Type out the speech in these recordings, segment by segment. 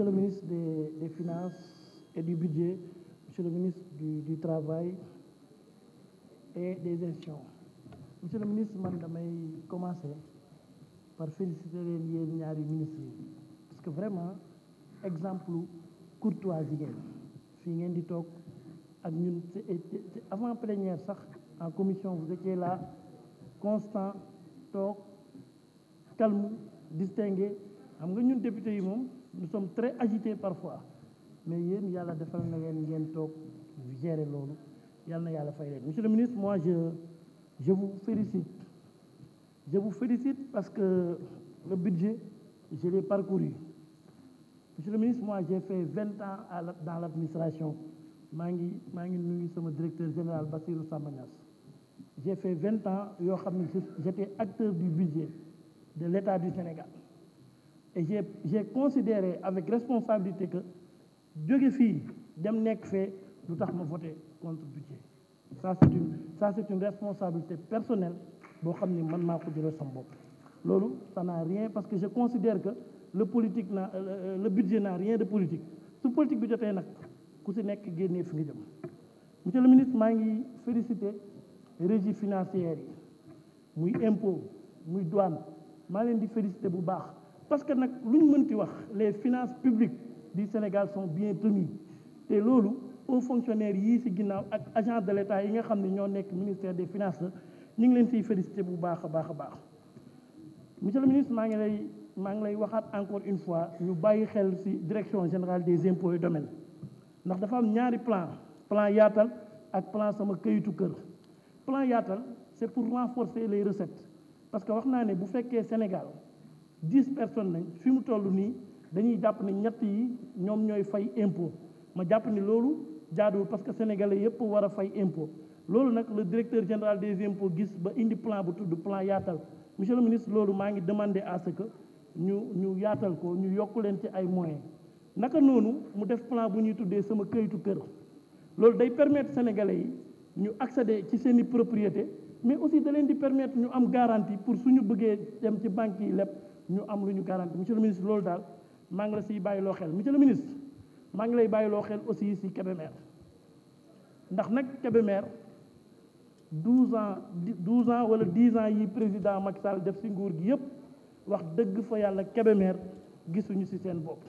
Monsieur le ministre des, Finances et du Budget, Monsieur le ministre du, Travail et des Institutions. Monsieur le ministre, je vais commencer par féliciter les liens ministres parce que vraiment exemple courtoisie si vous di avant plénière en commission vous étiez là constant talk, calme distingué xam ñun yi nous sommes très agités parfois mais il y a na leen ngeen toog gérer loolu yàlla na yàlla fay leen monsieur le ministre moi je je vous félicite je vous félicite parce que le budget je l'ai parcouru monsieur le ministre moi j'ai fait 20 ans dans l'administration maa ngi maa ngi directeur général Bassirou Samanias. j'ai fait 20 ans j'étais acteur du budget de l'État du Sénégal et j'ai considéré avec responsabilité que deux filles dem nek fait lu ma voté contre budget ça c'est une ça c'est une responsabilité personnelle pour xamni man mako je sam ça n'a rien parce que je considère que le politique euh, euh, le budget n'a rien de politique su politique budget n'a rien ku politique. monsieur le ministre je ngi féliciter régie financière yi muy impôt muy douane maa leen di féliciter bu baax parce que nak luñ mënti les finances publiques du Sénégal sont bien tenues Et lolu aux fonctionnaires yi ci ak agents de l'État yi nga xamni ñoo ministère des finances nous ñu leen bu baax monsieur le ministre je ngi lay encore une fois ñu bàyyi xel ci direction générale des impôts et domaines ndax dafa am ñaari plan plan yaatal ak plan sama këyitu kër plan yaatal c'est pour renforcer les recettes parce que wax naa ne bu fekkee Sénégal dix personne nañ fi mu toll nii dañuy jàpp ne ñett yi ñoom ñooy fay impôt ma jàpp ni loolu jaaduwul parce que sénégalais yëpp war a fay impôt loolu nag la directeur général des impôts gis ba indi plan bu tudd plan yaatal monsieur le ministre loolu maa ngi demandé à que ñu ñu yaatal ko ñu yokk leen ci ay moyens naka noonu mu def plan bu ñuy tuddee sama këyitu kër loolu day permettre sénégalais yi ñu accéder ci seen i propriété mais aussi da leen di permettre ñu am garantie pour suñu bëggee dem ci banque yi lépp ñu am lu ñu garantie monsieur le ministre loolu daal maa ngi la siy bàyyiloo xel monsieur le ministre maa ngi lay bàyyiloo xel aussi si Kébémer ndax nag Kébémer 12 ans 12 ans wala 10 ans yi président Macky Sall def si nguur gi yëpp wax dëgg fa yàlla Kébémer gisuñu si seen bopp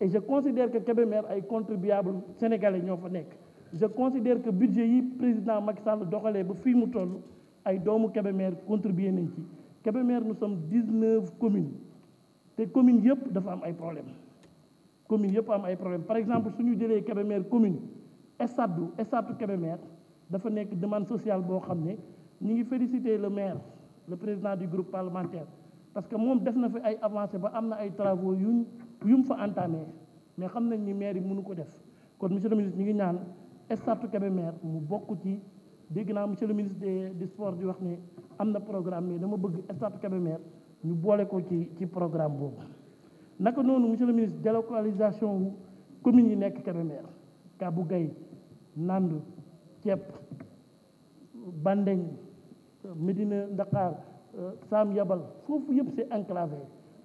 et je considère que Kébémer ay contribuables sénégalais ñoo fa nekk je considère que budget yi président Macky Sall doxalé ba fi mu toll ay doomu Kébémer contribuer nañ ci Kébémer nous sommes dix-neuf communes té communes yëpp dafa am ay problème communes yëpp am ay problème par exemple suñu jëlee Kébémer commune estatu estatu Kébémer dafa nek demande sociale bo xamné ñi ngi féliciter le maire le président du groupe parlementaire parce que mom def na fi ay avancées ba amna ay travaux yuñ yu fa entamé mais xamnañ ni maire yi mënu ko def kon monsieur le ministre ñi ngi ñaan stade Kébémer mu bokk ci dégg naa monsieur le ministre des sports di wax ne am na programme mais dama bëgg stade maire, ñu boole ko ci ci programme boobu naka noonu monsieur le ministre délocalisation commune yi nekk Kébémer Kabou gay Nandu Ceeb Bandeng medina Dakar euh, Sam Yabal foofu yëpp c'est enclavé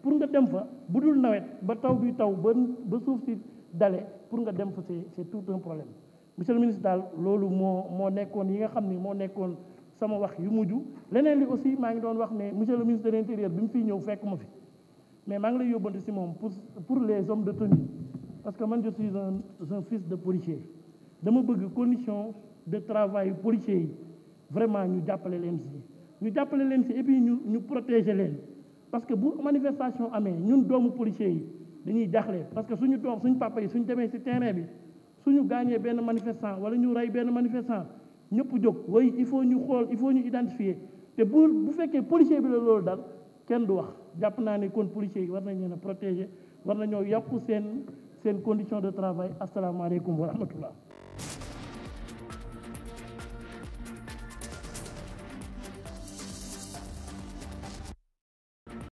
pour nga dem fa bu dul nawet ba taw bi taw ba ba suuf si dale pour nga dem fa c'est c'est tout un problème monsieur le ministre dal lolou mo mo nekkoon yi nga xamni mo moo sama wax yu muju leneen li aussi maa ngi doon wax ne monsieur le ministre de l'intérieur bi mu fiy ñëw fekk ma fi mais maa ngi lay yóbbante si moom pour pour les hommes de tenue parce que man je suis un un fils de policier dama bëgg condition de travail policier yi vraiment ñu jàppale leen si ñu jàppale leen si et puis ñu ñu protéger leen parce que bu manifestation amee ñun doomu policier yi dañuy jaxle parce que suñu doom suñu papa yi suñu demee si terrain bi suñu gagné ben manifestant wala ñu ray ben manifestant ñëpp jóg way il faut ñu xol il faut ñu identifier té bu bu fekkee policier bi la loolu dal kenn du wax japp naa ne kon policier war nañu na protéger war nañu yàqu sen sen condition de travail asalaamaaleykum wa rahmatullah